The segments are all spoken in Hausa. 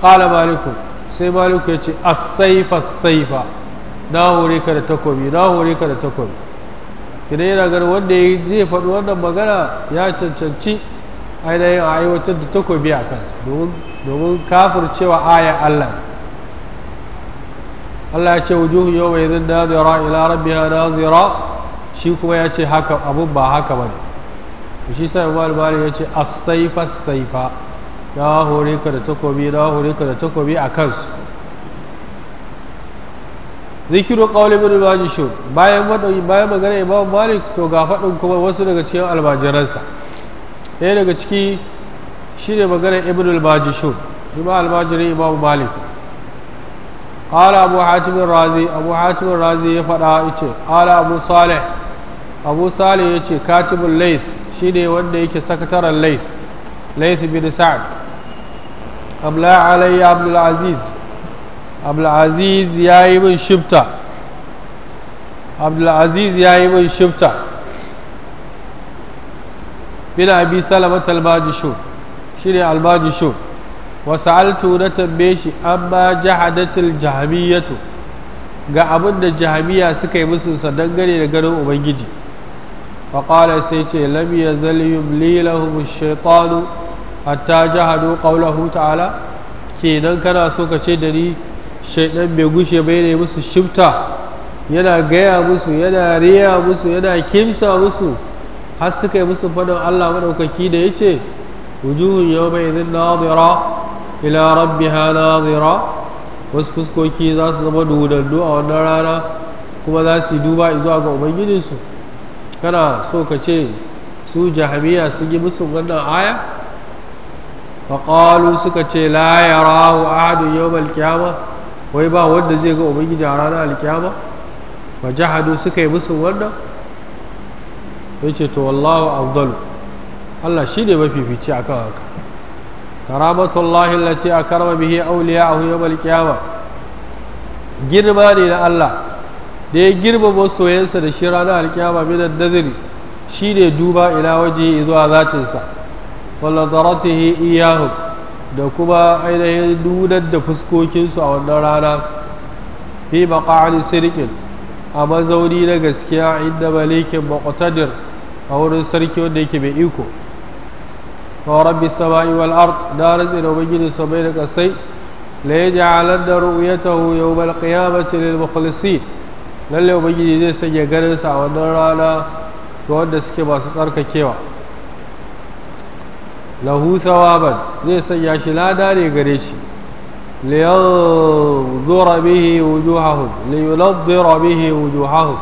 faƙala maliku sai maliku ya ce a saifa na hore ka da takobi na hore ka da takobi kidan yana ganin wanda ya zai faɗi wannan magana ya cancanci ainihin a aiwatar da takobi a kansa domin kafir cewa ayan allah Allah ya ce wujuhu yau mai zin nazira ila rabbi na nazira shi kuma ya ce haka abun ba haka ba ne shi sai wal mali ya ce asaifa saifa na hore ka da takobi na hore ka da takobi a kansu zikiru qawli ibn majishur bayan madauki bayan magana imam malik to ga faɗin kuma wasu daga cikin almajiransa ɗaya daga ciki shi ne magana ibn al-majishur kuma almajirin imam malik ra'zi abu حاتم الرازي أبو حاتم الرازي ala abu قال abu صالح ya ce katibin laith shi ne wanda yake sakataren laith laith bin sa'ad Abdullahi alayya abdulaziz abdulaziz ya yi min shifta abdulaziz ya yi min shifta bin abi salamat albajishu shi ne albajishu wasu altu na tambaye shi amma jahadatul jahamiyatu ga abin da jahamiya suka yi musu musunsa dangane da ganin ubangiji faƙala sai ce lam yazal yumli lahum shaitanu hatta jahadu qawlahu ta'ala kenan kana so ka ce da ni shaidan bai gushe bai ne musu shifta yana gaya musu yana riya musu yana kimsa musu har suka yi musu faɗin Allah maɗaukaki da yace ce wujuhun yau mai izin ila rabbiha nadira wasu fuskoki za su zama dudandu a wannan rana kuma za su duba zuwa ga ubangijinsu kana so ka ce su jahamiya sun yi musu wannan aya faƙalu suka ce la ya rahu ahadun yau alkiyama wai ba wanda zai ga ubangiji a ranar alkiyama ba jahadu suka yi musu wannan ya ce to wallahu afdalu Allah shi ne mafifici a kan haka karamatullahi lati a karma bihi auliya a yau alkiyama girma ne na Allah da ya girma masoyansa da shi ranar alkiyama minan nazari shi ne duba ila waje zuwa zatinsa waladaratihi iyahu da kuma ainihin nunar da fuskokinsu a wannan rana fi maƙa'ani sirkin a mazauni na gaskiya inda malikin maƙotadir a wurin sarki wanda yake mai iko wa rabbi sama'i wal ard da rantsi da ubangiji samai da kasai la yaj'alanna ru'yatahu yawmal qiyamati lil mukhlisin lalle ubangiji zai sanya ganin sa a wannan rana ga wanda suke masu tsarkakewa lahu thawaban zai sanya shi lada ne gare shi liyadhura bihi wujuhahum liyadhira bihi wujuhahum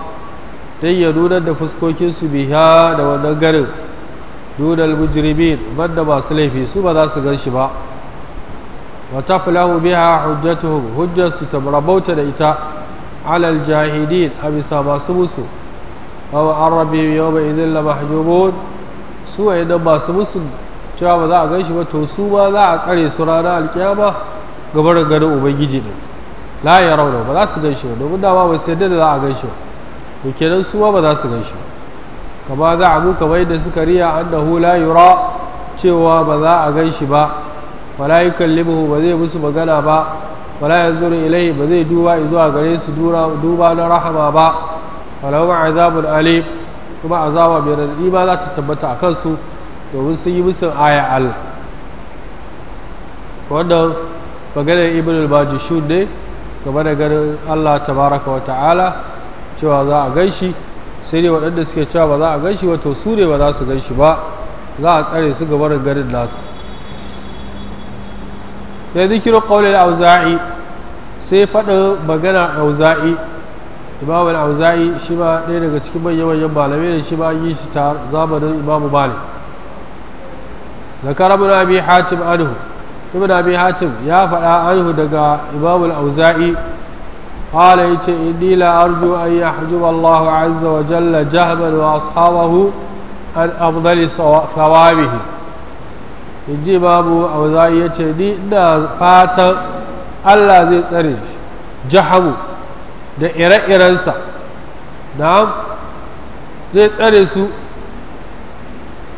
dan ya nuna da fuskokin su biha da wannan garin duna al-mujrimin banda masu laifi su ba za su gan shi ba wa taflahu biha hujjatuhum hujjarsu ta rabauta da ita alal jahidin a bisa masu musu wa arabi yawma idin la mahjumun su wa idan masu musu cewa ba za a gan shi ba to su ba za a tsare su rana alkiyama gaba da ganin ubangiji ne la ya rauna ba za su gan shi ba domin dama ba sai da za a gan shi ba to kenan su ba za su gan shi ba kama za a mu kamar yadda suka riya annahu la yura cewa ba za a gan shi ba wala yukallimuhu ba zai musu magana ba wala yanzuru ilai ba zai duba zuwa gare su duba na rahama ba walau azabun alim kuma azaba mai radadi ba za ta tabbata a kansu domin sun yi musu aya Allah wannan maganar ibn al bajishun ne game da ganin Allah tabaraka wa ta'ala cewa za a gaishi sai dai waɗanda suke cewa ba za a gaishi wato su ne ba za su gaishi ba za a tsare su gaba da ganin nasu ya zikiru ƙaunar auza'i sai faɗa magana auza'i imam auzai shi ma ɗaya daga cikin manyan manyan malamai da shi ma yi shi ta zamanin imamu malik zakar ibn abi hatim anhu ibn abi hatim ya faɗa anhu daga imam al-auza'i qala yace inni la arju an yahjuba Allah azza wa jalla jahban wa ashabahu an afdali thawabihi inji babu auza'i yace ni ina fatan Allah zai tsare jahamu da ire-irensa na'am zai tsare su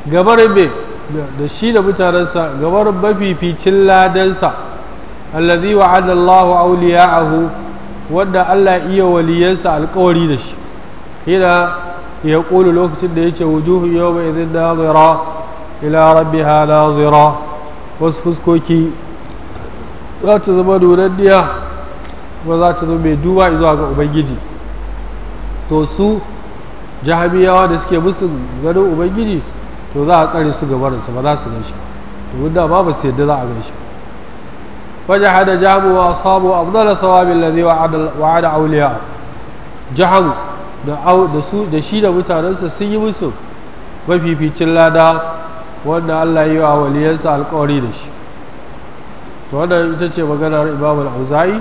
gabar mai da shi da mutanensa gabar mafificin ladansa allazi wa adallahu awliya'ahu wanda Allah iya waliyansa alkawari da shi hina ya ƙulu lokacin da yace wujuhu mai idhin nadira ila rabbiha nazira wasu fuskoki za ta zama nunanniya kuma za ta zama mai duba zuwa ga ubangiji to su jahabiyawa da suke musu ganin ubangiji to za a tsare su gabarinsa ba za su gan shi to da ba ba su yadda za a gan shi فجحد جهم وأصحابه أفضل ثواب الذي وعد وعد أولياء جهم da au da da shi da mutanensa sun yi musu mafificin lada wanda Allah yi wa waliyarsa alkawari da shi to wanda ita ce maganar Imam al-Auza'i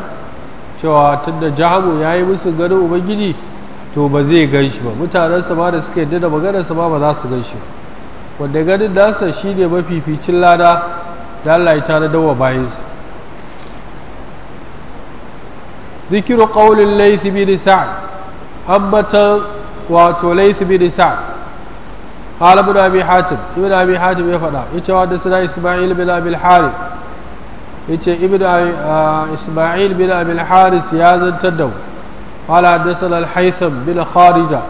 cewa tunda Jahamu ya yi musu ganin Ubangiji to ba zai gan shi ba mutanensa ma da suka yadda da maganarsa ma ba za su gan shi ba wadda ganin nasa shi ne mafificin lada da Allah ya tare dawa bayansa zikiru ƙaunin laifi bin sa'ad ambatan wato laifi bin sa'ad qala ibn abi hatim ibn abi hatim ya faɗa yace wa dasna isma'il bin abi al-harith yace ibn isma'il bin abi al-harith ya zantar da qala dasna al-haytham bin kharija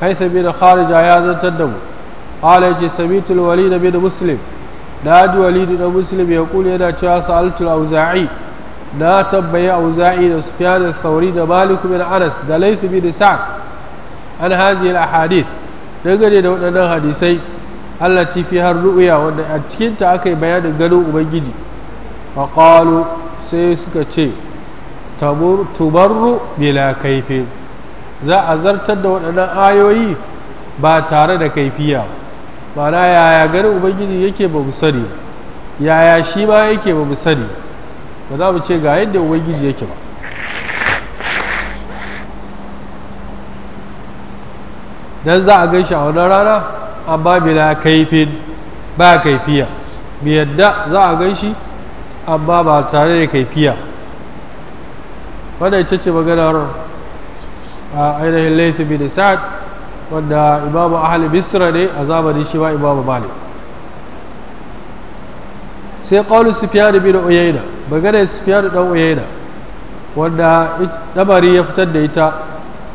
haytham bin kharija ya zantar da قال يجي سميت الوليد بن مسلم نادي وليد ya kula يقول يدا cewa سألت الأوزاعي na tambayi auza'i da sufyan al-thawri da malik bin anas da layth da sa'd an hazi al-ahadith dangane da waɗannan hadisai Allah ti fi har ru'ya wanda a cikinta aka yi bayanin ganin ubangiji fa qalu sai suka ce tubarru bila kaifin za a zartar da waɗannan ayoyi ba tare da kaifiya ma'ana yaya gari ubangiji yake ba mu sani yaya shi ma yake ba mu sani ba za mu ce ga yadda ubangiji yake ba dan za a gan shi a wannan rana amma bila kaifin ba kaifiya mai yadda za a gan shi amma ba tare da kaifiya wadda ita ce maganar a ainihin laifin bin sa'ad wadda imamu ahli bisra ne a zamanin shi ma imamu bali sai ƙaunin sufiyanu bin uyaina maganar sufiyanu ɗan uyaina wanda ɗabari ya fitar da ita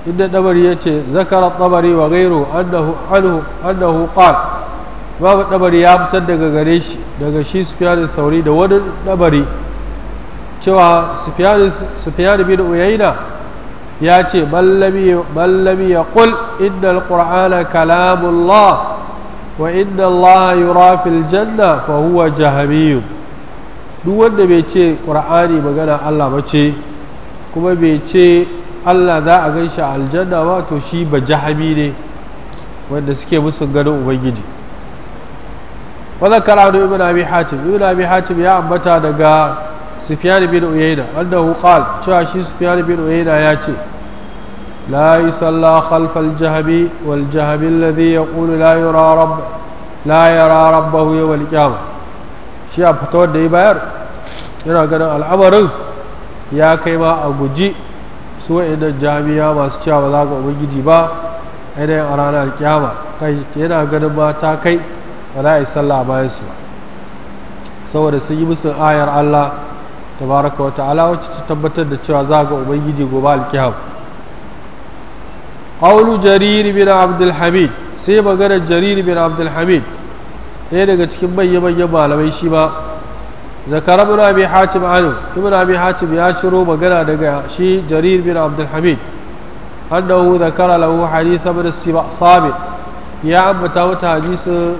inda ɗabari ya ce zakara ɗabari wa gairu annahu qal babu ɗabari ya fitar daga gare shi daga shi da sauri da wani ɗabari cewa sufiyanu bin uyaina ya ce ballami ya ƙul inda alƙur'ana kalamullah wa inda Allah yura janna fa huwa jahamiyu duk wanda bai ce ƙur'ani magana Allah ba ce kuma bai ce Allah za a gan shi aljanna ba to shi ba jahami ne wanda suke musu ganin ubangiji wadda kara da ibn abi hatim ibn abi hatim ya ambata daga sufyan bin uyayna annahu qala cewa shi sufyan bin ya ce la yusalla khalf al-jahbi wal jahbi alladhi yaqulu la yura rabb la yara shi a fitowar da ya bayar yana ganin al'amarin ya kai ma a guji su wa'idan jami'a masu cewa ba za ga ubangiji ba ainihin a ranar alkiyama kai yana ganin ma kai ba za a yi sallah bayan su ba saboda sun yi musu ayar Allah tabaraka wa ta'ala wacce ta tabbatar da cewa za ga ubangiji gobe alkihab qawlu jarir bin abdul hamid sai magana jarir bin abdul hamid ɗaya daga cikin bayyan manyan malamai shi ba zakar ibn abi hatim anu ibn abi hatim ya shiro magana daga shi jarir bin abdul hamid annahu zakara lahu hadith ibn sabit ya ambata wata hadisi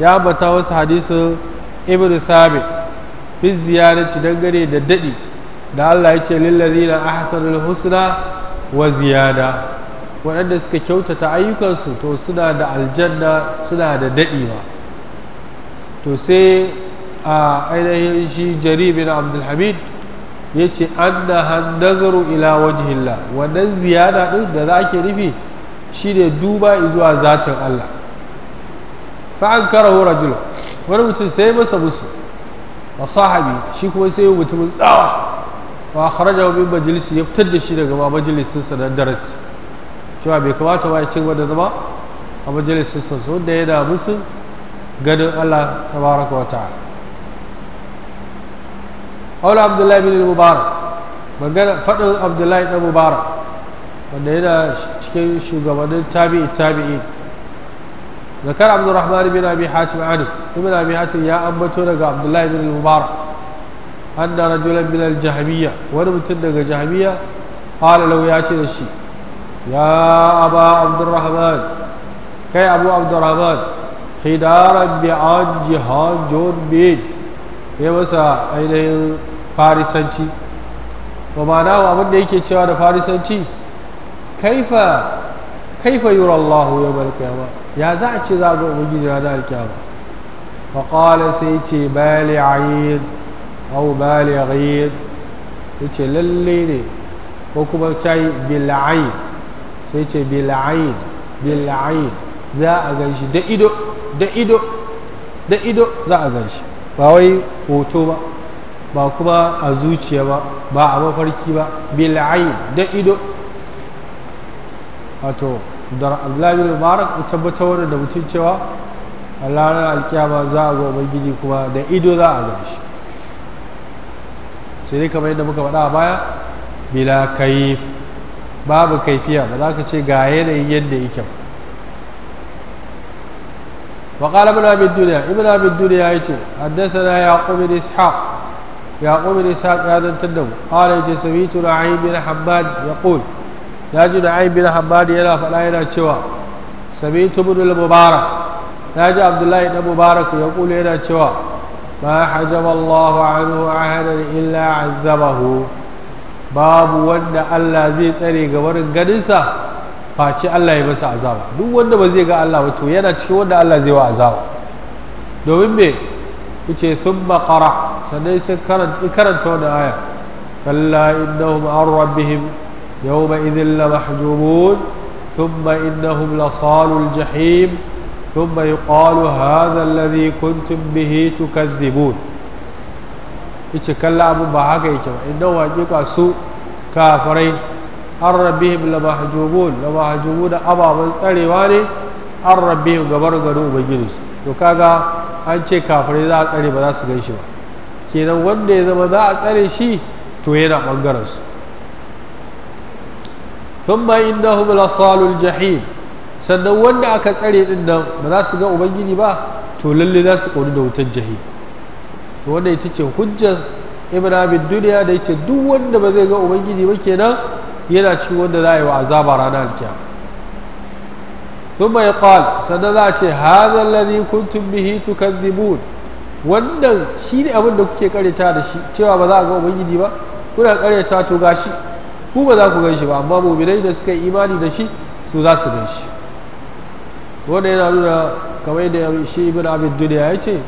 ya ambata wasu hadisi ibn sabit fi ziyarati dangane da daɗi da Allah ya ce lillazina ahsanul husna wa ziyada waɗanda suka kyautata ayyukansu to suna da aljanna suna da daɗi ba to sai a ainihin shi jaribin abdulhamid ya ce an da hannazaru ila wajihilla wannan ziyada ɗin da za ke nufi shi ne duba izuwa zatin Allah fa'an karahu rajul wani mutum sai masa musu wa sahabi shi kuma sai mutumin tsawa wa kharaja min majalisi ya fitar da shi daga ma majalisin sa dan darasi cewa bai kamata ba ya ci da zama a majalisin sa wanda yana musu ganin Allah tabaraka wa ta'ala Aula Abdullahi bin Mubarak magana faɗin Abdullahi dan Mubarak wanda yana cikin shugabannin tabi'i tabi'i zakar abdulrahman bin abi hatim ani ibn abi hatim ya ambato daga abdullahi bin mubarak anna rajulan min al-jahmiyya wani mutum daga jahmiyya qala lahu ya ce da shi ya aba abdulrahman. kai abu abdulrahman. khidaran bi an jihajun bin ya masa ainihin farisanci wa ma'ana abin da yake cewa da farisanci kaifa kaifa yura Allah yawmal qiyama ya za a ce za ga ubangiji ranar alkiyama fa qala sai ce bali ayin aw bali ghayd yace lalle ne ko kuma tai bil ayn sai ce bil ayn bil ayn za a ganshi da ido da ido da ido za a ganshi ba wai hoto ba ba kuma a zuciya ba ba a mafarki ba bil ayn da ido wato da abdullahi mubarak ya tabbatar da mutum cewa a ranar alkiyama za a goma ubangiji kuma da ido za a gani shi sai dai kamar yadda muka faɗa a baya bila kaif babu kaifiya ba za ka ce ga yanayin yadda yake wa qala ibn abi dunya ibn abi dunya yace haddathana yaqub bin ishaq yaqub bin ishaq ya zantar da mu qala yace sami'tu ra'ib bin hammad ya ji da aibin yana faɗa yana cewa sami tubudul mubarak ya ji abdullahi na mubarak ya kula yana cewa ma hajjaba allahu anhu ahadan illa azabahu babu wanda allah zai tsare ga barin ganinsa face allah ya masa azaba duk wanda ba zai ga allah ba to yana cikin wanda allah zai wa azaba domin me yace sun qara sannan sai karanta wannan aya kalla innahum an rabbihim يومئذ لمحجوبون ثم إنهم لصال الجحيم ثم يقال هذا الذي كنتم به تكذبون يتكلم معك إنه وجهك سوء كافرين أن لمحجوبون لمحجوبون أبا من سليواني أن ربهم قبر قنوب وكذا أنت كافر إذا أسألي بناس غيشي كينا وندي إذا ما دا أسألي شي توينا من قرص thumma innahum lasalul jahim sannan wanda aka tsare din nan ba za su ga ubangiji ba to lalle za su kori da wutar jahim to wanda ita ce hujjar ibn abid duniya da yace duk wanda ba zai ga ubangiji ba kenan yana cikin wanda za a yi wa azaba ranar alkiyama thumma yaqal sannan za a ce hadha alladhi kuntum bihi tukadhibun wannan shine abin da kuke karyata da shi cewa ba za a ga ubangiji ba kuna karyata to gashi ku ba za ku gan shi ba amma muminai da suka yi imani da shi su za su gan shi wanda yana nuna kamar yadda shi ibn abin duniya ya ce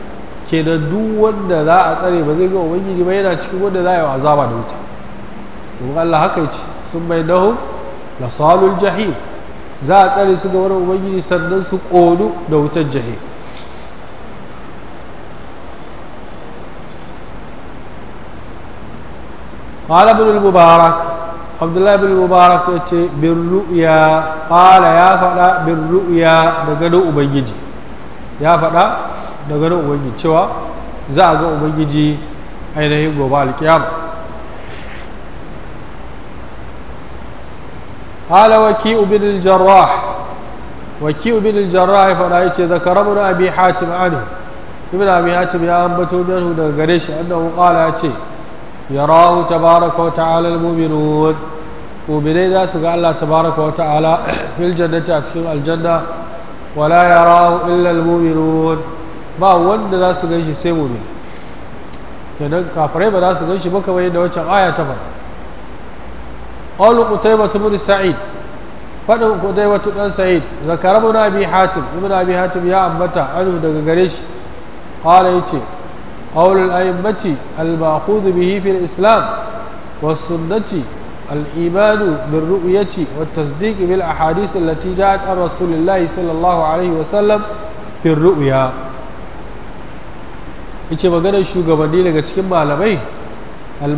kenan duk wanda za a tsare ba zai ga ubangiji ba yana cikin wanda za a yi azaba da wuta domin Allah haka ce sun bai nahu la salul jahim za a tsare su ga wani ubangiji sannan su ƙonu da wutar jahim قال ابن المبارك abdullahi bin mubarak ya ce bin ru'ya ƙala ya faɗa bin ru'ya da ganin ubangiji ya faɗa da ganin ubangiji cewa za a ga ubangiji ainihin gobe alkiyama قال وكيء بن الجراح وكيء بن الجراح فلا يتي ذكر Ani أبي حاتم عنه ya أبي حاتم يا أنبت منه دغريش أنه قال ce. yarahu tabaraka wa ta'ala almu'minun mu'minai za su ga Allah tabaraka wa ta'ala fil jannati a cikin aljanna wala yarahu illa almu'minun ba wanda za su ganshi sai mu'min kenan kafirai ba za su ganshi ba kamar yadda waccan aya ta faɗa qawlu qutaybah ibn sa'id fadin sa'id zakara ibn abi ya ambata anhu daga gare shi qala yace قول الأئمة المأخوذ به في الإسلام والسنة الإيمان بالرؤية والتصديق بالأحاديث التي جاءت عن رسول الله صلى الله عليه وسلم في الرؤيا ice maganar shugabanni daga cikin malamai al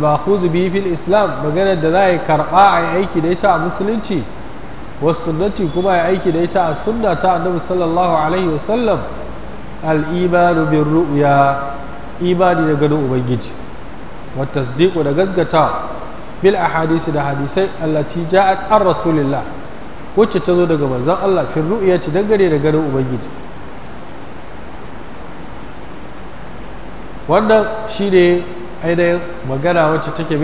biyu fil islam maganar da za a karɓa a aiki da ita a musulunci was sunnati kuma a aiki da ita a sunna ta annabi sallallahu alaihi wasallam al-imanu ru'ya imani da ganin ubangiji wa tasdiqu da gasgata bil ahadisi da hadisai allati ja'at an rasulillah wacce ta zo daga manzon Allah fil ru'ya dangane da ganin ubangiji wannan shine ainihin magana wacce take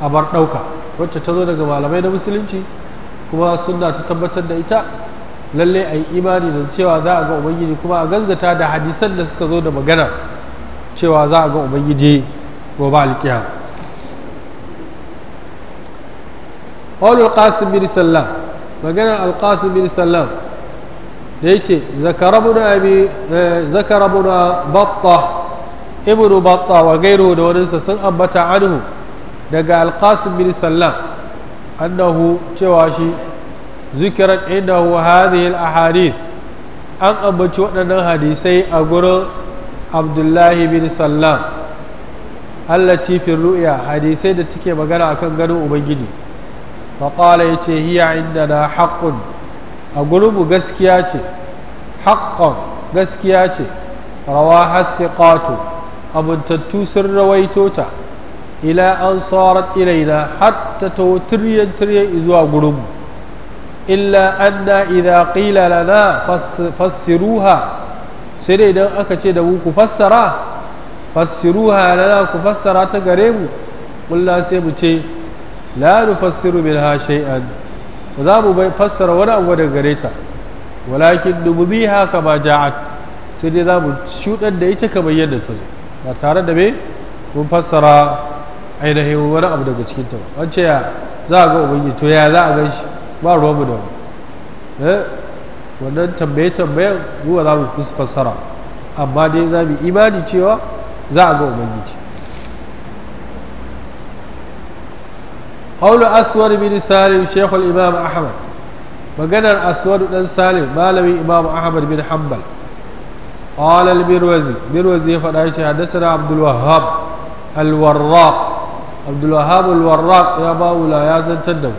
a bar ɗauka wacce ta zo daga malamai na musulunci kuma suna ta tabbatar da ita lalle a yi imani da cewa za a ga ubangiji kuma a gasgata da hadisan da suka zo da magana cewa za a ga ubangiji gobe alkiya qawlul alqasim bin sallam magana alqasim bin sallam da yake zakarabuna abi zakarabuna batta ibnu batta wa gairu da waninsa sun ambata anhu daga alqasim bin sallam annahu cewa shi inda indahu hadhihi alahadith an ambaci waɗannan hadisai a gurin abdullahi bin sallam allaci ru'ya hadisai da take magana a kan ganin ubangiji faƙala ya ce hiya inda na haƙƙun a gurubu gaskiya ce haƙƙon gaskiya ce rawa hathiqatu abuntattu sun rawaito ta ila an sarat ilaina hatta to tiryan tiryan zuwa gurubu illa anna idza qila lana fassiruha sai dai idan aka ce da mu ku fassara fassiru halala ku fassara ta gare mu mulla sai mu ce la nufassiru minha shay'an ba za mu fassara wani abu daga gare ta walakin haka ba ja'at sai dai za mu shudar da ita kamar yadda ta zo ba tare da me mun fassara ainihin wani abu daga cikin ta ba ya za a ga ubangiji to ya za a gan shi ba mu da wani wannan tambaye tambayan zuwa za mu fassara amma dai za mu imani cewa za a ga ubangiji haulu aswad bin salim shekul imam ahmad maganar aswad ɗan salim malamin imam ahmad bin hanbal قال البروزي بروزي فدايش حدثنا عبد الوهاب ya عبد الوهاب الوراق يا باولا يا زنتدم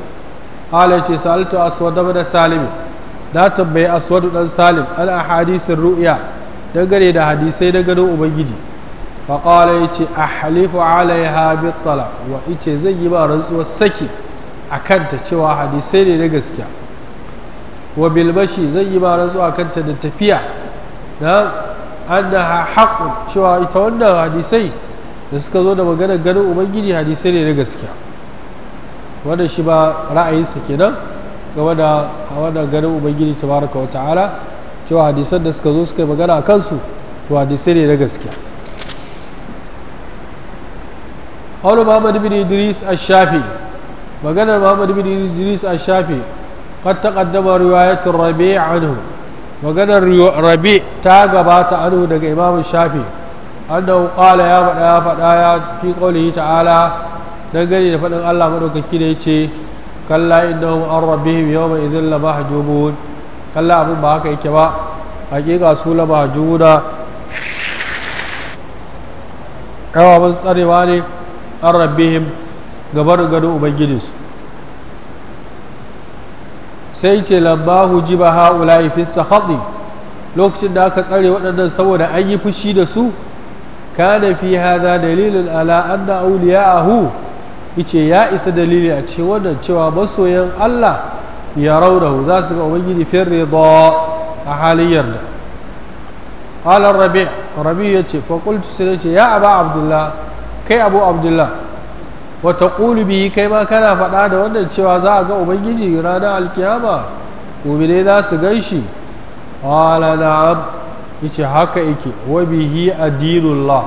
قال يتي سالت اسود بن سالم na tambayi aswadu dan salim al ahadisin ru'ya dangane da hadisai na ganin ubangiji fa qala yace ahlifu alaiha bi wa yace zan yi ba rantsuwar saki a kanta cewa hadisai ne na gaskiya wa bilbashi zan yi ba rantsuwa kanta da tafiya na annaha haqqun cewa ita wannan hadisai da suka zo da maganar ganin ubangiji hadisai ne na gaskiya wanda shi ba ra'ayinsa kenan game da a wannan ganin ubangiji tabaraka wa ta'ala cewa hadisan da suka zo suka yi magana a kansu to hadisai ne na gaskiya Qawlu Muhammad bin Idris Ash-Shafi magana Muhammad bin Idris Ash-Shafi qad taqaddama riwayatul Rabi' anhu maganar Rabi' ta gabata anhu daga Imam Shafi annahu qala ya faɗa ya faɗa ya fi qawlihi ta'ala dangane da faɗin Allah madaukaki da yace kalla innahum an rabbihim yawma idhin la mahjubun kalla abin ba haka yake ba hakika su la mahjubuna kawa mun tsarewa ne an rabbihim gabar gado ubangijinsu sai ce lamba hujiba ha'ula'i fi haɗi lokacin da aka tsare waɗannan saboda an yi fushi da su kana fi hadha dalilun ala anna awliya'ahu yace ya isa dalili a ce wannan cewa masoyan Allah ya raurahu za su ga ubangiji fir rida a halin yarda Halar rabi rabi yace fa qultu sai ce ya ba abdullah kai abu abdullah wa taqulu bihi kai ma kana faɗa da wannan cewa za a ga ubangiji ranar alkiyama mu'mine za su gaishi na, na'am ce haka yake wa bihi addinullah."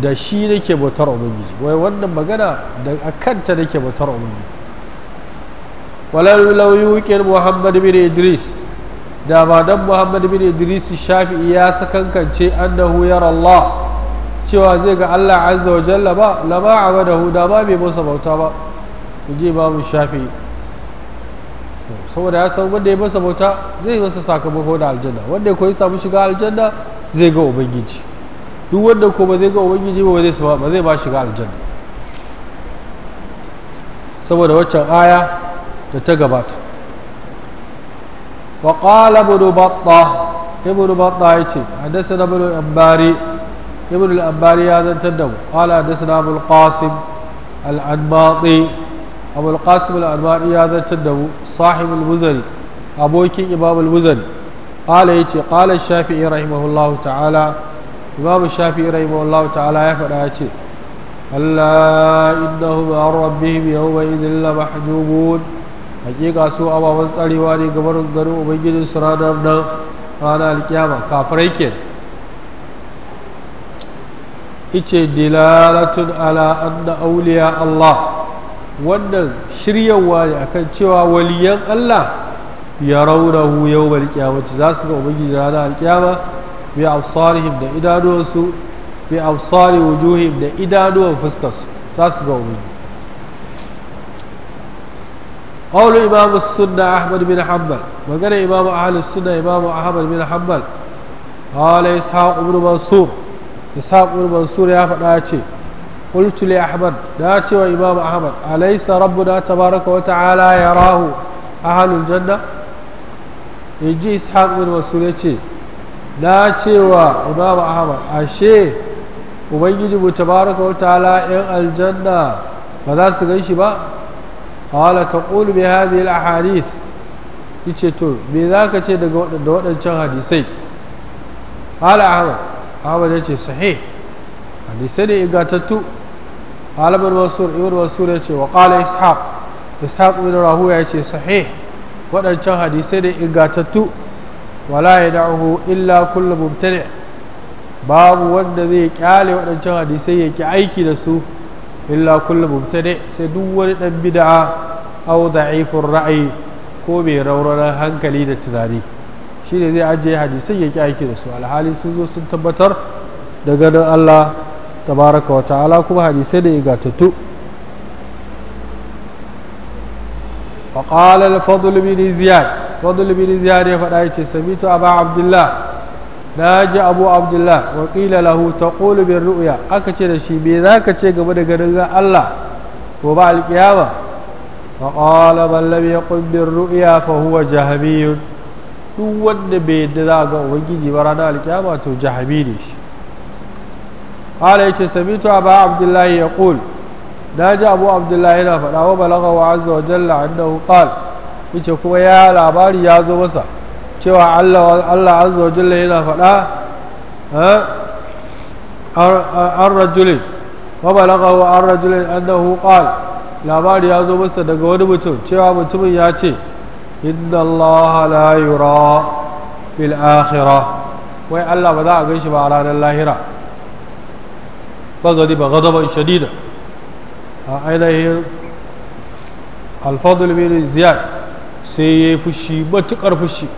da shi nake bautar ubangiji wai wannan magana da akanta nake bautar ubangiji walau law yuqil muhammad bin idris da ba dan muhammad bin idris shafi ya sakankance annahu yara allah cewa zai ga allah azza wa jalla ba lama abadahu da ba bai masa bauta ba je mu shafi saboda ya san wanda ya masa bauta zai masa sakamako da aljanna wanda ya koyi samu shiga aljanna zai ga ubangiji duk wanda ko ba zai ga ubangiji ba zai ba zai ba shiga aljanna saboda waccan aya da ta gabata wa qala ibn batta ibn batta yace hadathana ibn al-ambari ibn al-ambari ya zantar da mu qala hadathana abul qasim al-anmati abul qasim al-anmati ya zantar da mu sahib al-muzani abokin imam al-muzani qala yace qala shafi'i rahimahullahu ta'ala imamu shafi rahimahullahu ta'ala ya faɗa ya ce Allah innahum an rabbihim yawma idhin la mahjubun hakika su ababan tsarewa ne gaban garin ubangijin su ranar nan ranar alkiyama kafirai ke ice dilalatun ala anna auliya Allah wannan shiryawa ne akan cewa waliyan Allah ya raunahu yawmal ba za su ga ubangiji ranar alkiyama bi absarihim da idanuwansu bi absari wujuhim da idanuwan fuskarsu za su ga umarni قول إمام السنة أحمد بن حنبل وقال إمام أهل السنة إمام أحمد بن حنبل قال إسحاق بن منصور إسحاق بن منصور يا فناتي قلت لأحمد ناتي وإمام أحمد أليس ربنا تبارك وتعالى يراه أهل الجنة يجي إسحاق بن منصور يتي na cewa Imam Ahmad ashe ubangiji mu tabaraka wa ta'ala yan aljanna ba za su ganshi ba qala mai bi hadhihi al-ahadith yace to me zaka ce daga waɗancan hadisai qala Ahmad Ahmad yace sahih hadisai ne ingantattu قال ابن منصور ابن منصور يقول وقال ishaq إسحاق بن ya ce صحيح waɗancan hadisai da ingantattu wala ya da'uhu illa kullu mubtadi babu wanda zai kyale waɗancan hadisai ya aiki dasu su illa kullu mubtadi sai duk wani dan bid'a da da'ifur ra'ayi ko mai rauraran hankali da tunani shi ne zai ajiye hadisai ya aiki dasu alhali sun zo sun tabbatar da ganin Allah tabaraka wa ta'ala kuma hadisai da ingantattu وقال الفضل فضل بن زياد فداي سميت ابا عبد الله ناجي ابو عبد الله وقيل له تقول بالرؤيا اكتي ده شي بي ذاك تشي غبه ده غدن الله تو با القيامه فقال بل لم يقل بالرؤيا فهو جهبي دو ود بي ده ذاك وجي برادا القيامه تو جهبي ديش قال يشي سميت ابا عبد الله يقول ناجي ابو عبد الله هنا فداه بلغه عز وجل عنده قال yace kuma ya labari ya zo masa cewa Allah Allah azza wa jalla yana faɗa an rajulin wa balagahu an rajulin annahu qala labari ya zo masa daga wani mutum cewa mutumin ya ce inna Allah la yura fil akhirah wai Allah ba za a ganshi ba a ranar lahira bagadi ba gadaban shadida a ainihin alfadul bin ziyad sai ya yi fushi matuƙar fushi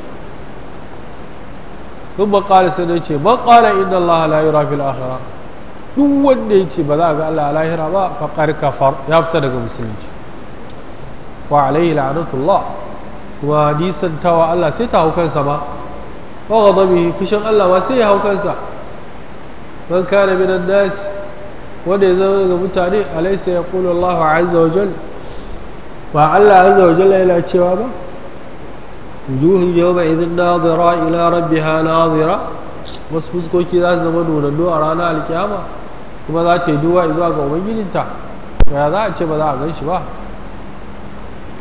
sun maƙala sai na ce maƙala inda Allah la yura fil akhira duk wanda ya ce ba za a ga Allah lahira ba faƙar kafar ya fita daga musulunci wa alaihi la'anatullah kuma nisan nisantawa Allah sai ta hau kansa ma ga ghadabihi fushin Allah ba sai ya hau kansa man kana minan nas wanda ya zama daga mutane alaysa yaqulu Allahu azza wa jalla ba Allah azza wa la'ila yana cewa ba wujuhun yawma idhin nadira ila rabbiha nadira wasu fuskoki za su zama nunannu a ranar alkiyama kuma za ta yi duwa zuwa ga ubangijinta ya za a ce ba za a gan shi ba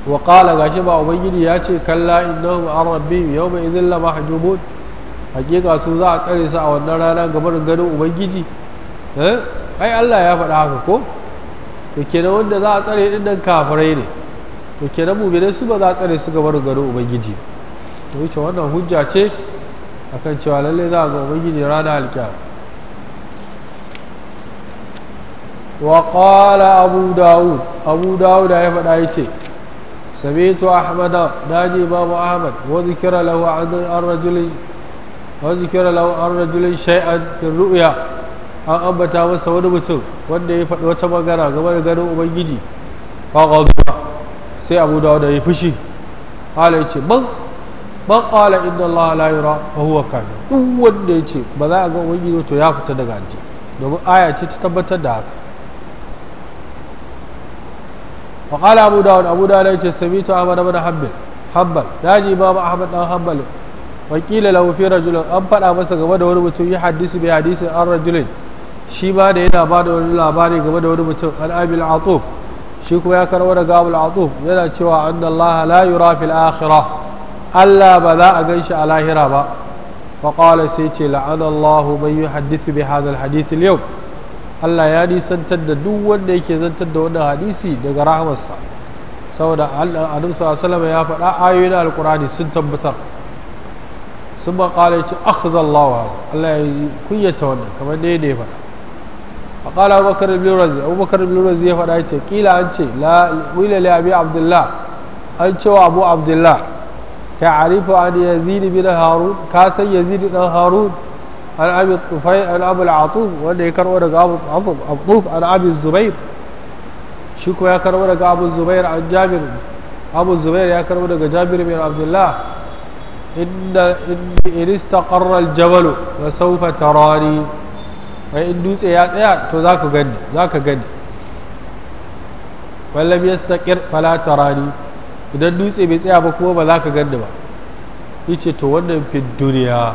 wa kala gashi ba ubangiji ya ce kalla innahum an yau yawma idhin la mahjumun hakika su za a tsare su a wannan rana da ganin ubangiji eh ai Allah ya faɗa haka ko to kenan wanda za a tsare din nan kafirai ne to kenan mu bire su ba za tsare su gabar garin ubangiji to wuce wannan hujja ce akan cewa lalle za a ga ubangiji rana alƙiya wa qala abu daud abu daud ya faɗa ya ce sabitu ahmada daji babu ahmad wa zikira lahu an rajulin wa zikira lahu an rajulin shay'an an ambata masa wani mutum wanda ya yi faɗi wata magana game da garin ubangiji fa qadba sai abu dawuda ya fushi hala ya ce ban ban qala inna allaha la yura fa huwa kafir duk wanda ya ce ba za a ga ubangiji to ya fita daga aji domin aya ce ta tabbatar da haka فقال أبو ce أبو ta سميت أحمد بن hambal daji ناجي إمام أحمد بن حنبل وقيل له في رجل an فدا masa game da wani mutum ya hadisi bi hadisin an rajulin shi ma da yana ba da wani labari game da wani mutum an abil atuf shi kuma ya karɓo daga abul atuf yana cewa anna Allah la yura fil akhira Allah ba za a ganshi a lahira ba fa qala sai ce la'ana Allah man yuhaddithu bi hadha al hadith al yawm Allah ya nisantar da duk wanda yake zantar da wannan hadisi daga rahamarsa saboda annabi sallallahu ya faɗa ayoyin alqur'ani sun tabbatar sun ba qala ce akhza Allah Allah ya kunyata wannan kamar ne ne ba. فقال أبو بكر بن رزي أبو بكر بن رزي يفعل أنت قيل أنت لا ويل لأبي عبد الله أنت وأبو عبد الله تعرف عن يزيد بن هارون كاسا يزيد بن هارون عن أبي الطفيل عن أبي العطوف وأن يكروا أبو الطوف عن أبي الزبير شكو يكروا أبو الزبير عن جابر أبو الزبير يكروا جابر بن عبد الله إن إن استقر الجبل فسوف تراني wai in dutse ya tsaya to za ka gani za ka gani wallam ya staƙir falatarani idan dutse bai tsaya ba kuma ba za ka gani ba yi ce to wannan fi duniya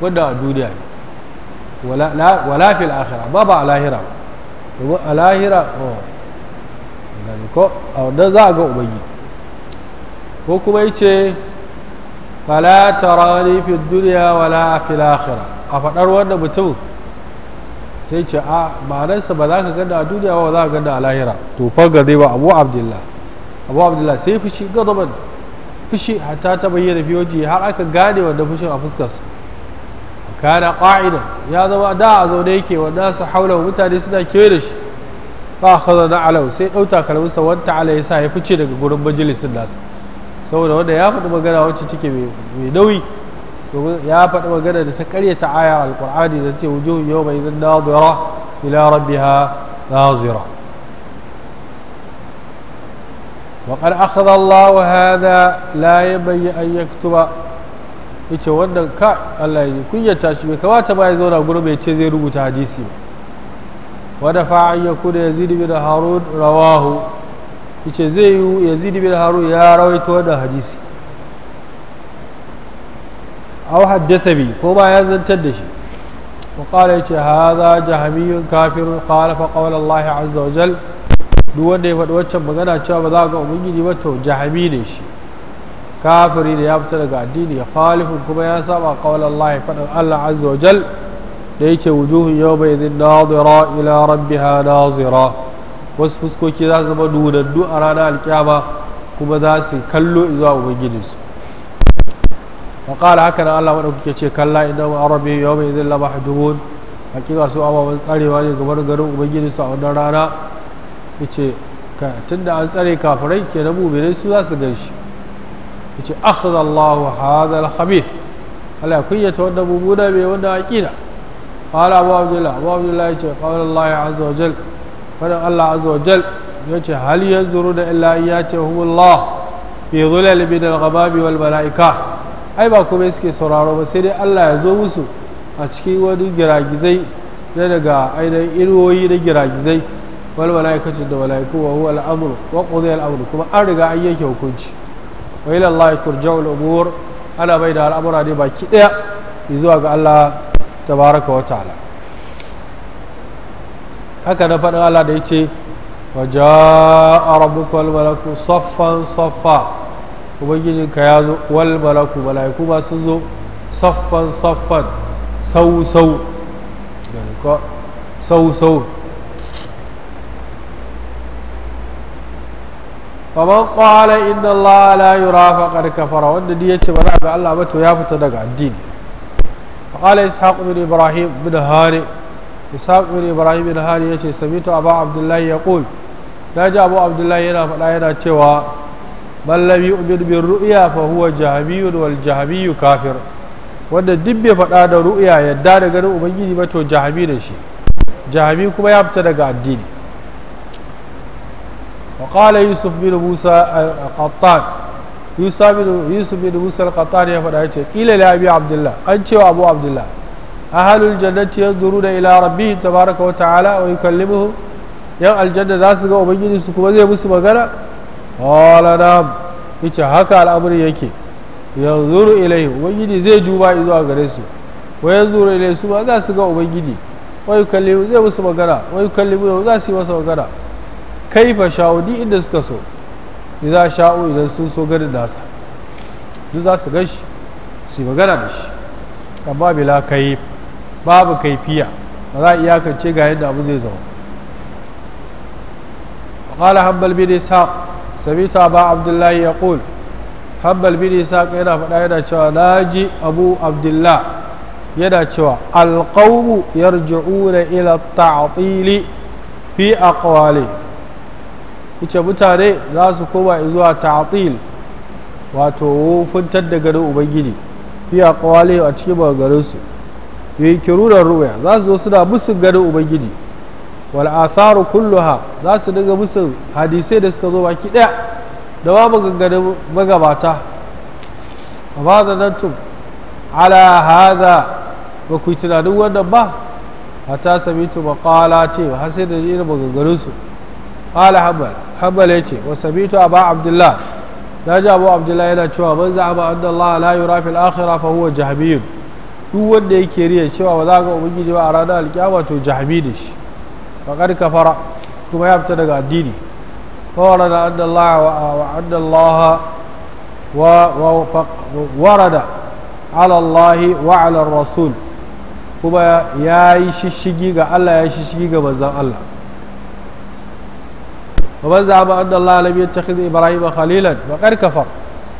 wannan a duniya ne wala fil akhira ba ba a lahira domin a lahira oh, ko a wanda za a ga ubangi ko kuma yi ce falatarani fi duniya wala fil akhira a faɗar wannan mutum sai ce a ma'anarsa ba za ka ganda a duniya ba za ka ganda a lahira to fagar dai ba abu abdullah abu abdullah sai fushi gazaban fushi hatta ta bayyana fi waje har aka gane wanda fushin a fuskarsa kana qa'idan ya zama da a zaune yake wanda su haula mutane suna kyau da shi fa khadha na alau sai dauta kalmunsa wanta ala yasa ya fice daga gurin majalisin nasa saboda wanda ya faɗi magana wacce take mai nauyi يا فت وجدت سكرية آية عيا القرآن إذا توجه يوم إذا ناظرة إلى ربها ناظرة وقد أخذ الله هذا لا يبي أن يكتب يتوانا كا الله يجي كن يتاشمي كواتا ما يزونا قلوب يتزير متعجيسي ودفع أن يكون يزيد بن هارون رواه يتزيو يزيد بن هارون يا رويتوانا حديثي aw haddasa bi ko ba ya zantar da shi wa qala yace hadha jahmiyun kafin khalafa qawl Allah azza wa jal duk wanda ya faɗi waccan magana cewa ba za ga ubangiji ba to jahmi ne shi kafiri da ya fita daga addini ya kuma ya saba qawl Allah faɗin Allah azza wa jal da yace wujuhun yawma idhin nadira ila rabbiha nazira wasu fuskoki za su zama dudaddu a ranar alkiyama kuma za su kallo zuwa ubangijinsu وقال هكذا الله kuke ce kalla idan arabi yawma idhin la mahdud hakika su ababan tsarewa ne gabar garin ubangiji su a wannan rana yace tunda an tsare kafirai ke na mu'minai su za su ganshi yace akhadha Allahu hadha al-khabith Allah kuyyata wannan mumuna mai wannan aqida قال أبو عبد الله أبو عبد الله يقول قول الله عز وجل قال الله عز وجل يقول هل ينظرون إلا أن الله في ظلل من الغمام والملائكة ai ba kuma suke sauraro ba sai dai Allah ya zo musu a cikin wani giragizai na daga ainihin irwoyi na giragizai wal malaikatu da malaiku wa huwa al wa qudiya al kuma an riga an yanke hukunci wa ila Allah turja'u umur ana bai da al'amura ne baki daya zuwa ga Allah tabaraka wa ta'ala haka na faɗin Allah da yace wa ja'a rabbuka malaku saffan saffa ka ya zo wal malaku malaiku ba sun zo saffan saffan sau sau sau sau faman kwala inda Allah la yura kafara wanda ni ya ce ba za a ga Allah ba to ya fita daga addini فقال إسحاق بن إبراهيم بن هاري إسحاق بن إبراهيم بن هاري يشي سميت أبا عبد الله يقول ناجى ji عبد abdullahi yana فلا yana cewa. man lam yu'min bir ru'ya fa huwa jahmiyun wal jahmiyu kafir wanda duk bai faɗa da ru'ya yadda da ganin ubangiji ba to jahmi da shi jahmi kuma ya fita daga addini wa qala yusuf bin musa al-qattan yusuf bin yusuf bin musa al-qattan ya faɗa yace qila li abi abdullah an cewa abu abdullah ahlul jannati yanzuruna ila rabbihim tabaraka wa ta'ala wa yukallimuhum yan aljanna za su ga ubangiji su kuma zai musu magana qala na yace haka al'amari yake yanzuru ilai ubangiji zai duba zuwa gare su wa yanzuru ilai su ba za su ga ubangiji wai kalli zai musu magana wai mu za su yi masa magana kaifa sha'udi inda suka so idan sha'u idan sun so gani nasa duk za su gashi su yi magana da shi amma bila kai babu kaifiya ba za a iyakance ga yadda abu zai zama qala hanbal bin ishaq سمعت أبا عبد الله يقول حب البني ساق ينا فدا ينا شوى ناجي أبو عبد الله cewa شوى القوم يرجعون إلى التعطيل في أقواله yace mutane za su koma zuwa ta'til wato wofuntar da garin ubangiji fiya aqwali a cikin maganganun su yankiruna ruwaya za su zo suna musu garin ubangiji wal atharu kulluha za su daga musu hadisai da suka zo baki daya da babu ganganin magabata ba da nan tun ala hada ba ku tunanin wannan ba hatta samitu maqala ce har sai da ni da maganganun su qala hanbal hanbal yace wa a aba abdullah da ji abu abdullah yana cewa ban za ba anna allah la yura fil akhirah fa huwa jahmiyun duk wanda yake riya cewa ba za ga ubangiji ba a ranar alkiyama to jahmi ne shi faqad kafara kuma ya fita daga addini فورد أن الله وأن الله allah على الله وعلى الرسول ga Allah ya shishigi ga manzon Allah ومن زعم أن الله لم ibrahim إبراهيم خليلا فقد kafar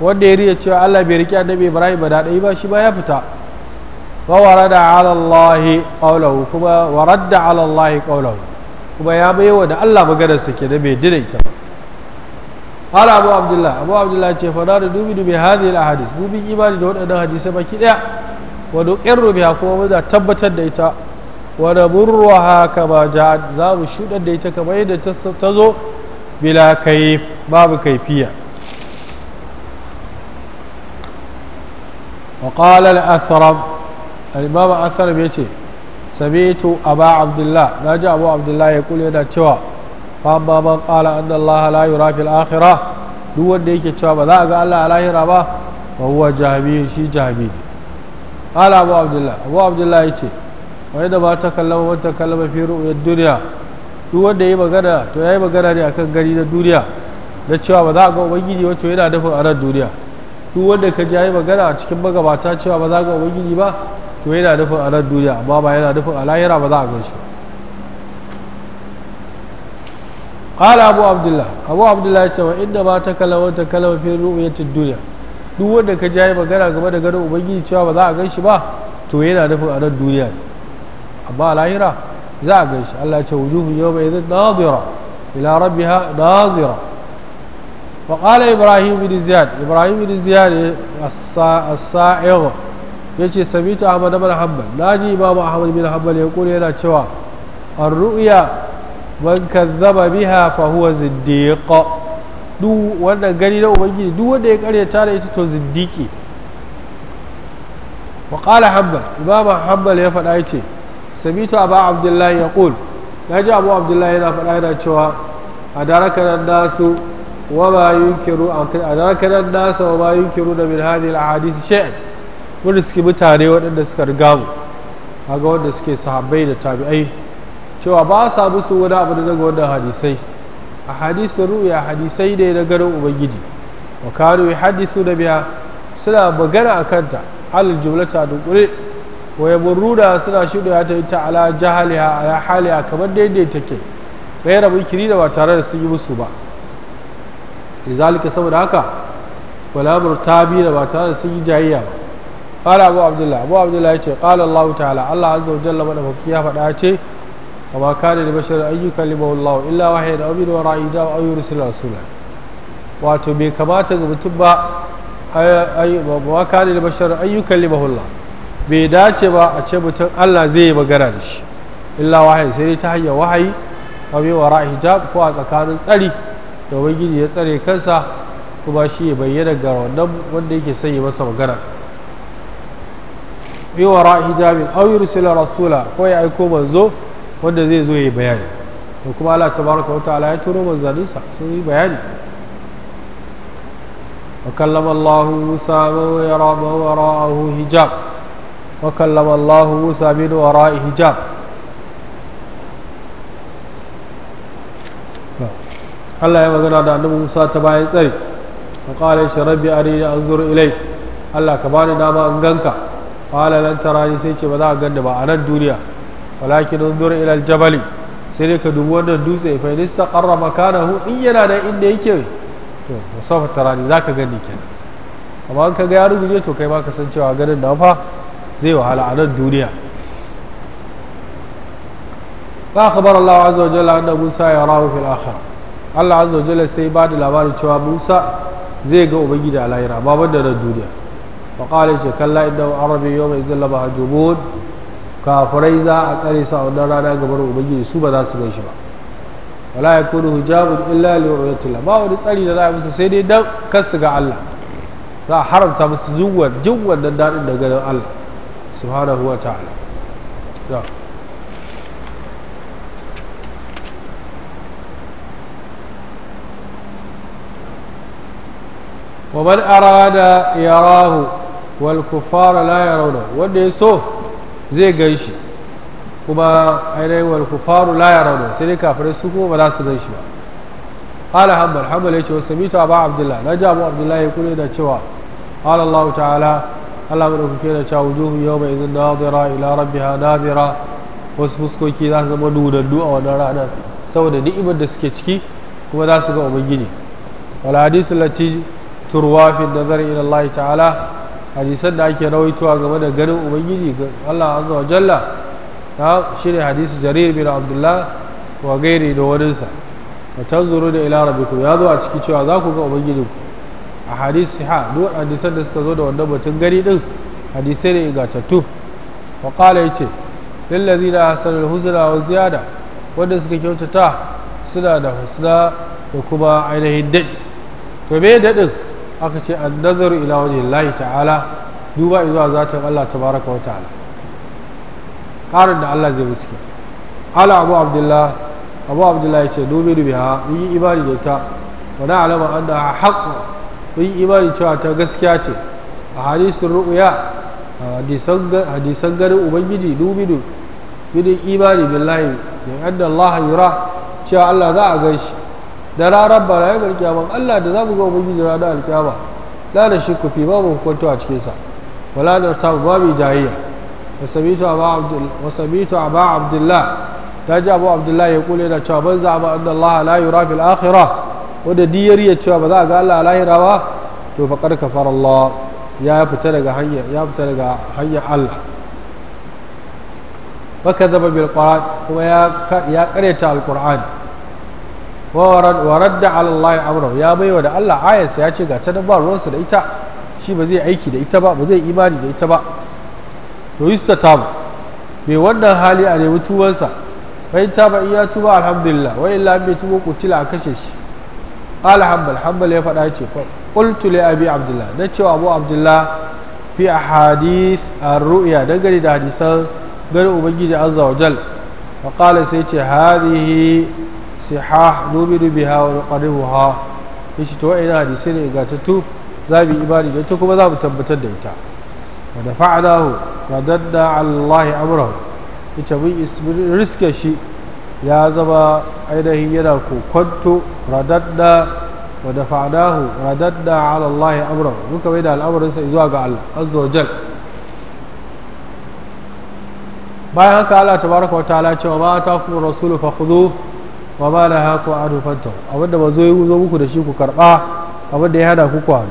wanda ya riya cewa Allah bai riƙe annabi Ibrahim da dai ba shi ba ya fita wa warada ala Allah qawluhu kuma warada ala Allah qawluhu kuma ya baiwa da Allah maganarsa ke da bai daidaita ba abu abdullahi abu abdullahi ce fada da dubi dubi hadhihi al dubi imani da waɗannan hadisai baki daya wa nuqirru biha kuma mu tabbatar da ita wa naburruha kama ba za mu shudar da ita kamar yadda ta zo bila kai babu kaifiya fiya. qala al-athram al sami'tu aba abdullah naji abu abdullah ya kula yana cewa fa amma man qala anna allah la yura fil akhirah duk wanda yake cewa ba za a ga allah a lahira ba fa huwa jahmi shi jahmi qala abu abdullah abu abdullah yace wa yadda ba ta kallama wata kallama fi ru'yad duniya duk wanda ya yi magana to ya yi magana ne akan gari na duniya na cewa ba za a ga ubangiji wato yana dafin a nan duniya duk wanda ka ji yi magana a cikin magabata cewa ba za a ga ubangiji ba to yana nufin a duniya amma ba yana nufin a ba za a gan shi قال أبو عبد الله أبو عبد الله ta إنما تكلم وتكلم في رؤية duniya duk wanda ka jaye magana game da ganin ubangiji cewa ba za a gan shi ba to yana nufin a nan ne amma a za a gan shi Allah ce wujuhun yau mai zai nazira ila rabbiha nazira wa ƙala ibrahim bin ziyad ibrahim bin ziyad a sair ya yace samitu ahmad bin hanbal naji imamu ahmad bin hanbal ya kore yana cewa an ruya man kazzaba biha fa huwa ziddiq duk wanda gani na ubangiji duk wanda ya karyata da ita to ziddiqi wa qala hanbal imamu hanbal ya faɗa yace samitu abu abdullahi ya yaqul naji abu abdullahi yana faɗa yana cewa a adarakana nasu a وما ينكر أدركنا الناس وما ينكرون من هذه الأحاديث شيئا mun riski mutane waɗanda suka riga mu kaga wanda suke sahabbai da tabi'ai cewa ba sa musu wani abu da daga wannan hadisai a hadisin ru'ya hadisai ne na garin ubangiji wa kanu yuhaddithu da biya suna magana a kanta alal jumlata dunkure wa yamurruna suna ya ta ita ala jahaliha ala haliha kamar daidai take gaira kiri da ba tare da sun yi musu ba lizalika saboda haka wala tabi da ba tare da sun yi jayayya ba قال أبو عبد الله أبو عبد الله يتي قال الله تعالى الله عز وجل من أفكيها فدعتي وما كان لبشر أن يكلمه الله إلا وحي أو وراء إجاب أو يرسل رسولا wato bai kamata ga mutum ba wa kare da bashar ayyukan bai dace ba a ce mutum Allah zai yi magana da shi illa wahayi sai dai ta hanyar wahayi kame wa hijab ko a tsakanin tsari domin gini ya tsare kansa kuma shi ya bayyana ga wannan wanda yake sanya masa magana bi wara hijabin aw yursila rasula ko ya aiko manzo wanda zai zo yi bayani to kuma Allah tabaraka wa ta'ala ya turo manzaninsa sun yi bayani وكلم الله موسى من وراءه حجاب وكلم الله موسى من وراء حجاب Allah ya magana da annabi Musa ta bayan tsari wa qala ya rabbi arini anzur ilai Allah ka bani dama in ganka qala lan sai ce ba za a ganda ba a nan duniya walakin unzur ila sai dai ka dubi wannan dutse fa in istaqarra makanahu in yana da inda yake to sawfa tarani zaka gani kenan amma in ka ga ya ruguje to kai ma ka san cewa ganin da fa zai wahala a nan duniya Allah azza wa jalla anna musa yarahu fil akhir Allah azza wa jalla sai ba da labarin cewa Musa zai ga Ubangiji a lahira ba banda na duniya faƙali ce kalla inda arabi yau mai zilla ba hajjubun kafirai za a tsare su a wannan rana gabar ubangiji su ba su bai shi ba wala ya kunu hujabun illa li ru'yatillah ba wani tsari da za a sai dai dan kar ga Allah za a haramta musu jinwar jinwar dan dadin da ganin Allah subhanahu wa ta'ala ya ومن أراد يراه wal kuffara la wanda ya so zai gan shi kuma ainihin wal kuffaru la sai dai kafirai su kuma ba za su gan shi ba qala hanbal hanbal ce wa samitu abu abdullah na ji abu abdullahi ya kure da cewa qala allah ta'ala allah madaukake da cewa wujuhu yawma idhin nadira ila rabbiha wasu fuskoki za su zama dudaddu a wannan ranar saboda ni'imar da suke ciki kuma za su ga ubangiji wal hadisi lati turwa fi nazar ila allah ta'ala hadisan da ake rawaitowa game da ganin ubangiji Allah azza wa jalla ta shirya hadisi jarir bin abdullah wa gairi da waninsa wa tanzuru da ila rabbikum ya zo a ciki cewa za ku ga ubangiji a hadisi ha duk hadisan da suka zo da wannan batun gari din hadisai ne ingantattu wa qala yace lil ladina hasanul husna wa ziyada wanda suka kyautata suna da husna da kuma ainihin dai. to me daɗin aka ce nazaru ila wajen lahi ta'ala duba zuwa zatin Allah ta baraka wa ta'ala ƙarin da Allah zai muske ala abu abdullahi abu abdullahi ya ce domin biha mun yi imani da ta wa na alama an da haƙƙo mun yi imani cewa ta gaskiya ce a hadisin ru'uya hadisan ganin ubangiji domin bidin imani billahi da yadda Allah yura cewa Allah za a gan shi da ranar ba rayu alkiyama Allah da za ku ga ubangiji ranar alkiyama la da shi kufi babu hukunta a cikinsa wala da ta babu jahiyya wasabitu a ba abdullah ta ji abu abdullah ya kule da cewa ban za ba inda Allah la yura fil akhirah wanda diyar ya cewa ba za a ga Allah lahira ba to fa kar kafar Allah ya fita daga hanya ya fita daga hanya Allah wa kadhaba bil qur'an kuma ya ya karyata al qur'an warar da ala Allah ya baiwa da Allah ayarsa ya ce ga ta ba ruwansa da ita shi ba zai aiki da ita ba ba zai imani da ita ba to ta yustatabu mai wannan hali a nemi tuwansa bai ta ba iya tuba alhamdulillah wa illa bai tuba kutila a kashe shi qala ya faɗa ce fa li abi abdullah na cewa abu abdullah fi ahadith ar-ru'ya dangane da hadisan gari ubangiji azza wa jal fa qala sai ce hadhihi sihah nubidu biha wa nuqarribuha yace to wa'ina hadisi ne ingantattu za mu yi imani da ita kuma za mu tabbatar da ita wa dafa'nahu radadda allahi amrahu yace mun riske shi ya zama ainihin yana kokonto radadda wa dafa'nahu radadda ala allahi amrahu muka bai da al'amarinsa zuwa ga Allah azza wa jalla bayan haka Allah tabaraka wa ta'ala cewa ba ta kuma rasulu fa khudhu wa ma la haku adu fanta abinda manzo ya zo muku da shi ku karba da ya hada ku kwano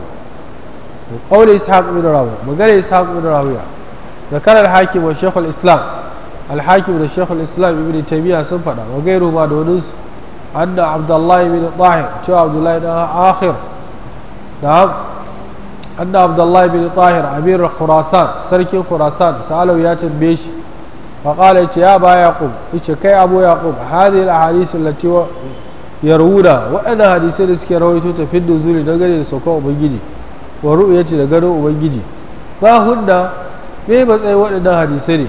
to qauli ishaq ibn rawiya magana ishaq ibn rawiya zakar al-hakim wa shaykh al-islam alhakim da shaykh islam ibn taymiya sun faɗa wa gairu ma da wani anna abdullah ibn tahir cewa abdullah ibn akhir da anna abdullah ibn tahir amir khurasan sarkin khurasan salau ya tambaye shi فقال يتي يا أبا يعقوب يتي كي أبو يعقوب هذه الأحاديث التي يرونا وأنا حديثي لسكي رويتو تفيد نزولي نغني لسوكو أبنجدي ورؤيتي لغنو أبنجدي ما هن me matsayin waɗannan hadisai ne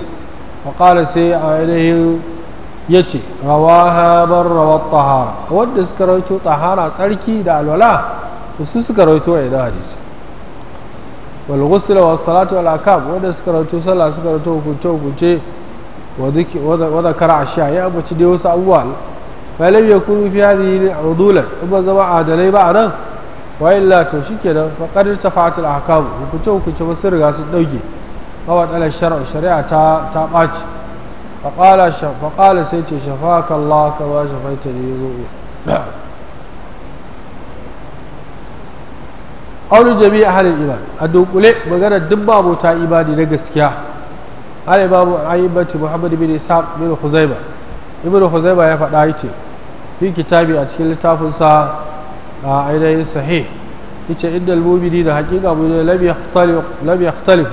faƙala sai a ainihin ya ce rawaha man rawar tahara wanda suka rawaito tahara tsarki da alwala su suka rawaito wa idan hadisai wal ghusl wa salatu wal akab wanda suka rawaito sallah suka rawaito hukunce hukunce وذكر عشاء يا أبو تشدي وسع أول فلم يكونوا في هذه عضولا إما زما عدلي معنا وإلا تشكنا فقد ارتفعت الأحكام وكتو كتو سر غاس الدوجي قوت على الشرع الشريعة تابعت فقال شف فقال سيتي شفاك الله كما شفيتني نعم قول جميع أهل الإيمان أدوك لك مغانا دبابو تا إيماني نقسكيا har imamu ayyubaci muhammad bin isa bin huzaiba ibn huzaiba ya faɗa yace fi kitabi a cikin littafinsa a ainihin sahih yace inda al-mu'mini da haƙiƙa mu ne lam yakhtalifu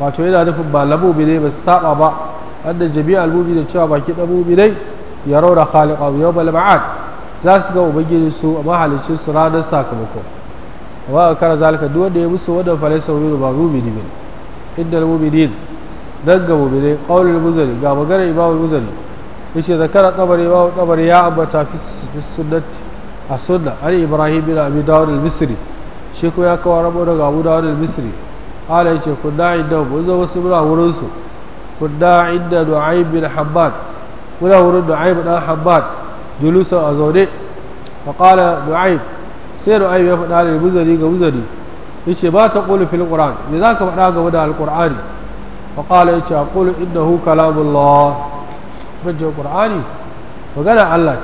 wato yana nufin ba lamu ne ba su saba ba wanda jami'a al-mu'mini da cewa baki da mu'minai ya rauna khaliqahu yawmal ma'ad za su ga ubangiji su a mahalicin su ranar sakamako wa kara zalika duk wanda ya musu wannan falaisa wa ba mu'mini ne inda al-mu'minin daggabu dai qaulul muzani ga magana imamul muzani yace zakara tabari wa tabari ya ambata fi sunnati a sunna Ali ibrahim bin abi dawud al-misri shi ko ya kawo rabo daga abu dawud al-misri ala yace kunna inda mun zo wasu muna wurin su kunna inda du'aib bin habbad muna wurin du'aib dan habbad julusa a zaune fa qala du'aib sai du'aib ya faɗa da muzani ga muzani yace ba ta qulu fil qur'an me zaka faɗa game da al-qur'ani فقال يا أقول انه كلام الله في القران وقال الله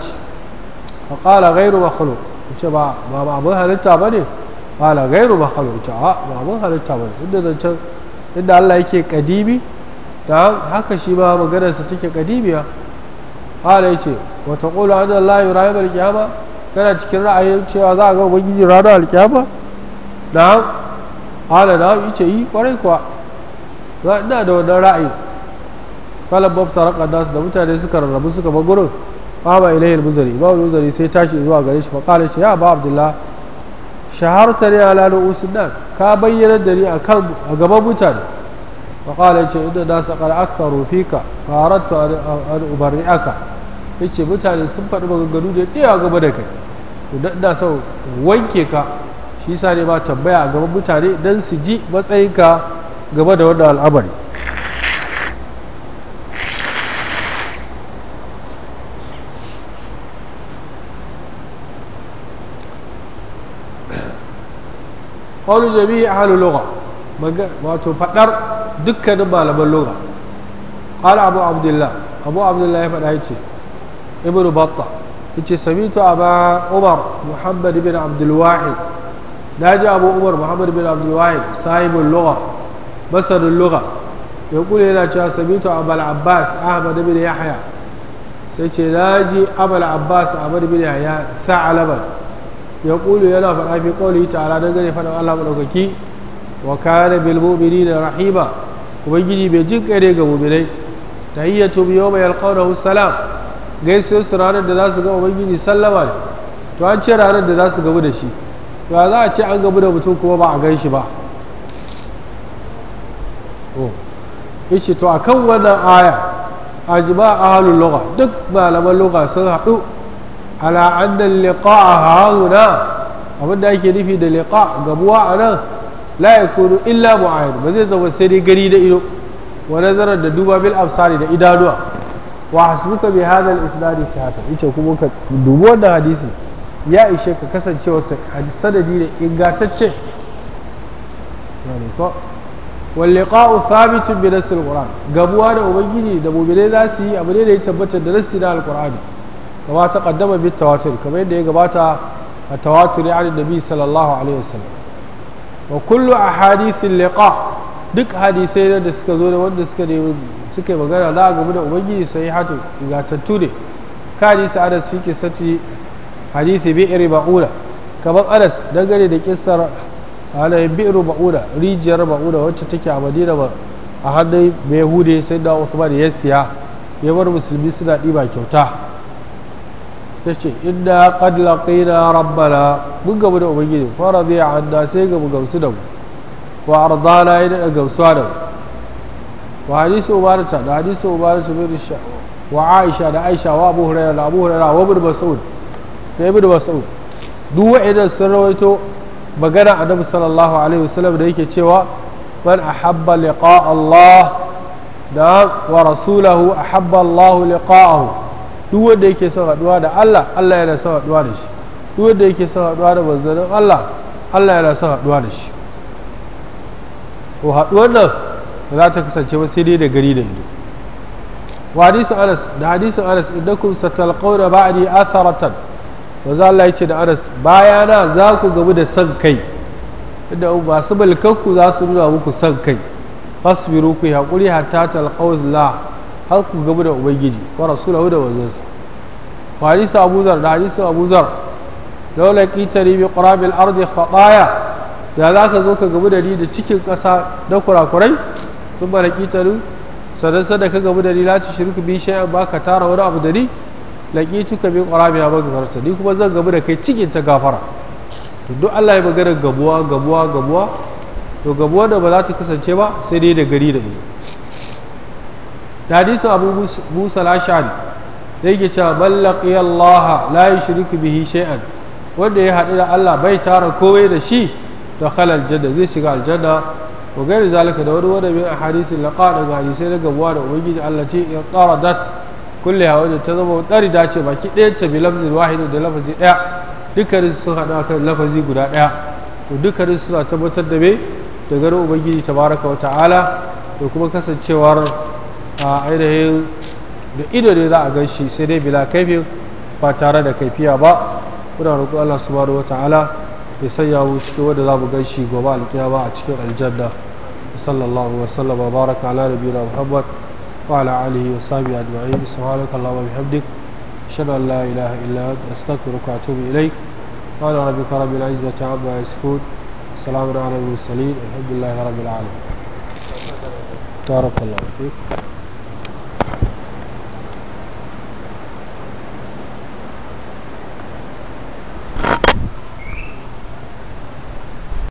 فقال غير مخلوق يتي ما ما أبوها للتابني قال غير مخلوق يتي ما ba للتابني إن ذا inda الله يكي قديمي da haka shi ma maganarsa take kadimiya ala yace wa taqulu anna la yurayim al-qiyama kana cikin ra'ayin cewa za a ga ubangiji ranar al da na'am da yace yi kwarai kuwa za ina da wannan ra'ayi falan mafta nasu da mutane suka rarrabu suka magurin gurin ba ilai al-muzari ba muzari sai tashi zuwa gare shi faƙala ce ya ba abdullah shaharta ne ala usun nan ka bayyana da ni a gaban mutane faƙala ce inda na saƙar aka ka faratu an umarni aka ya ce mutane sun faɗi maganganu da ɗaya gaba da kai inda ina son wanke ka shi sa ne ba tambaya a gaban mutane don su ji matsayinka Gaba da wadda al'amari ƙwallo zabi a halin loga wato faɗar dukkanin malaman loga ƙala abu abdullah abu abdullah ya faɗa yake ibn batta yake samitu a ba umar muhammad bin abdulwahid na ji abu umar muhammad bin abdulwahid sahibin lura masanin lugha ya yana cewa samitu abal abbas ahmad bin yahya sai ce na ji abal abbas ahmad bin yahya sa'alaban ya kula yana faɗa fi qawli ta'ala dan gane faɗa Allah madaukaki wa kana bil mu'minina rahima bai jin ga salam gaisuwar su ranar da za su ga ubangiji sallama ne to an ce ranar da za su gabu da shi to za a ce an gabu da mutum kuma ba a gan shi ba Oh. yace to kan wannan aya a ahlul lugha duk malaman lugha sun haɗu ala a liqa'a hauna abinda ake nufi da liqa gabuwa nan la yakunu illa mu'ayyad ba zai zama sai dai gari da ido wa nazarar da duba bil absari da idanuwa wa hasbuka bi hadha al isnad sihatan yace kuma ka dubi wannan hadisi ya ishe ka kasancewar sanadi da ingantacce walliqa'u thabitun bi nasil qur'an gabuwa da ubangiji da mu'mine za su yi abu ne da ya tabbatar da nasi na alqur'ani kama ta qaddama bi tawatur kamar yadda ya gabata a tawaturi an nabi sallallahu alaihi wasallam wa kullu ahadithil liqa duk hadisai da suka zo da wanda suka ne suka yi magana za a gamu da ubangiji sahihatu ingantattu ne ka hadisi anas fi kisati hadithi bi'ri ba'ula kamar anas dangane da kissar ala bi'ru ba'uda rijiyar ba'uda wacce take a madina ba a hannun mai hude sai da usman ya siya ya bar musulmi suna ɗiba kyauta ta ce inda qad laqina rabbana mun gamu da ubangiji fa a anda sai gamu gamsu da mu wa ardana ya da gamsuwa da mu wa hadisi ubarata da hadisi ubarata bin wa aisha da aisha wa abu hurairah da abu hurairah wa ibn mas'ud da ibn mas'ud duk idan sun rawaito magana annabi sallallahu alaihi wasallam da yake cewa man ahabba liqa Allah da wa rasulahu ahabba Allah liqa'ahu duk wanda yake son haduwa da Allah Allah yana son haduwa da shi duk wanda yake son haduwa da manzon Allah Allah yana son haduwa da shi to haduwar nan za ta kasance ba sai dai da gari da ido wa hadisin Anas da hadisin Anas innakum satalqawna ba'di atharatan wanzu Allah ya ce da anas bayana za ku gabu da san kai inda masu balkanku za su nuna muku san kai fasbiru ku yi haƙuri hatta talqauz la har ku gabu da ubangiji wa rasulahu da wazansa wa hadisi abu abuzar da hadisi abu zar laula qitari bi qurabil ardi khataya da za ka zo ka gabu da ni da cikin ƙasa na kurakurai sun bara qitaru sadan sadaka gabu da ni la shirku bi shay'an ba ka tara wani abu da ni laqituka bi qarabiha maghfirata ni kuma zan gamu da kai cikin ta gafara to duk Allah ya magana gabuwa gabuwa gabuwa to gabuwa da ba za ta kasance ba sai dai da gari da ido da hadisin Abu Musa al-Ashari da cewa ballaqi Allah la yushriku bihi shay'an wanda ya haɗu da Allah bai tara kowai da shi da khalal janna zai shiga aljanna wa gairi zalika da wani wani min ahadisi laqa daga hadisai na gabuwa da ubangiji Allah ce ya da. kulli hawa da ta zama ɗari dace baki ɗaya ta bi lafzin wahidu da lafazi ɗaya dukkanin sun haɗu kan lafazi guda ɗaya to dukkanin suna tabbatar da me da ganin ubangiji baraka wa ta'ala da kuma kasancewar a ainihin da ido ne za a gan shi sai dai bila kaifin ba tare da kaifiya ba muna roƙo Allah subhanahu wa ta'ala ya sanya mu cikin wanda za mu gan shi gobe alƙiyama a cikin aljanna sallallahu wa sallama baraka ala nabiyina muhammad وعلى آله وصحبه أجمعين سبحانك اللهم وبحمدك أشهد أن لا إله إلا أنت أستغفرك وأتوب إليك قال ربك رب العزة عما يصفون سلام على المرسلين الحمد لله رب العالمين بارك الله فيك